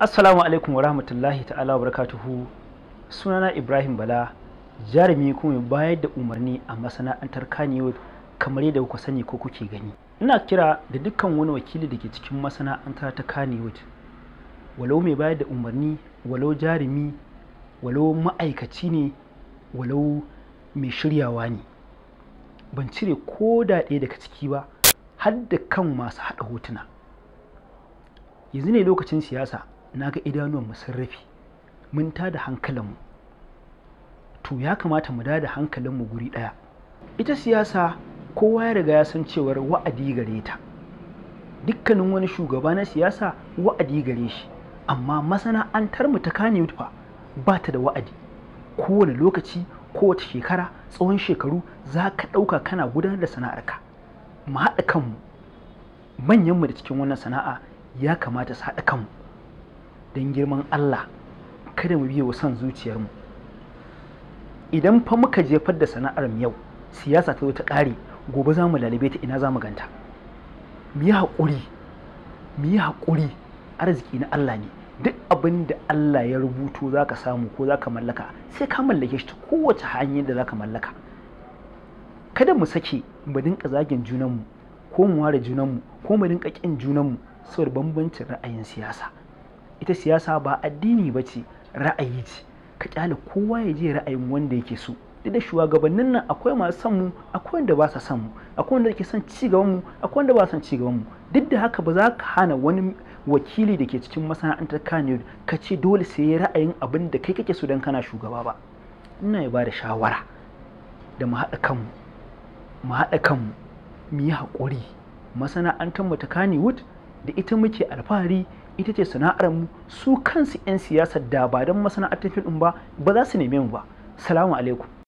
assalamu alaikum wa rahmatullahi ta'ala wa barakatuhu sunana ibrahim bala jarumi kuma bayar da umarni a masana'antar kaniwood kamar yadda kuka sani ko kuke gani ina kira da dukkan wani wakili da ke cikin masana'antar ta kaniwood walau mai bayar da umarni walau jarumi walau ma'aikaci ne walau mai shiryawa ne ban cire ko da ɗaya daga ciki ba har da kan masu haɗa hotuna yanzu ne lokacin siyasa na ga idanuwanmu sun rufe mun tada hankalinmu to ya kamata mu da hankalinmu guri ɗaya ita siyasa kowa ya riga ya san cewar wa'adi gare ta dukkanin wani shugaba na siyasa wa'adi gare shi amma masana'antar mu ta kane fa ba ta da wa'adi kowane lokaci kowace shekara tsawon shekaru za ka ɗauka kana gudanar da sana'arka mu haɗa kanmu manyanmu da cikin wannan sana'a ya kamata su haɗa kanmu don girman Allah kada mu biyo wa son zuciyarmu idan fa muka jefar da sana'ar yau siyasa ta zo ta ƙare gobe za mu lalibe ta ina za mu ganta mu yi haƙuri mu yi haƙuri arziki na Allah ne duk abin da Allah ya rubuto za ka samu ko za ka mallaka sai ka mallake shi ta kowace hanyar da za ka mallaka kada mu sake mu dinka zagin junanmu ko mu ware junanmu ko mu dinka ƙin junanmu saboda bambancin ra'ayin siyasa ita siyasa ba addini ba ce ra'ayi ce ka kyale kowa ya je ra'ayin wanda yake so duk da shugabannin nan akwai masu son mu akwai wanda ba sa son mu akwai wanda ke son ci gaban mu akwai wanda ba son ci gaban mu duk da haka ba za ka hana wani wakili da ke cikin masana'antar kano ka ce dole sai ya ra'ayin abin da kai kake so don kana shugaba ba ina ya ba da shawara da mu haɗa kanmu mu haɗa kanmu mu yi haƙuri masana'antar mu ta kano da ita muke alfahari ita ce sana'ar mu su kansu 'yan siyasar da ba don masana'antar tafi ba ba za su neme mu ba salamu alaikum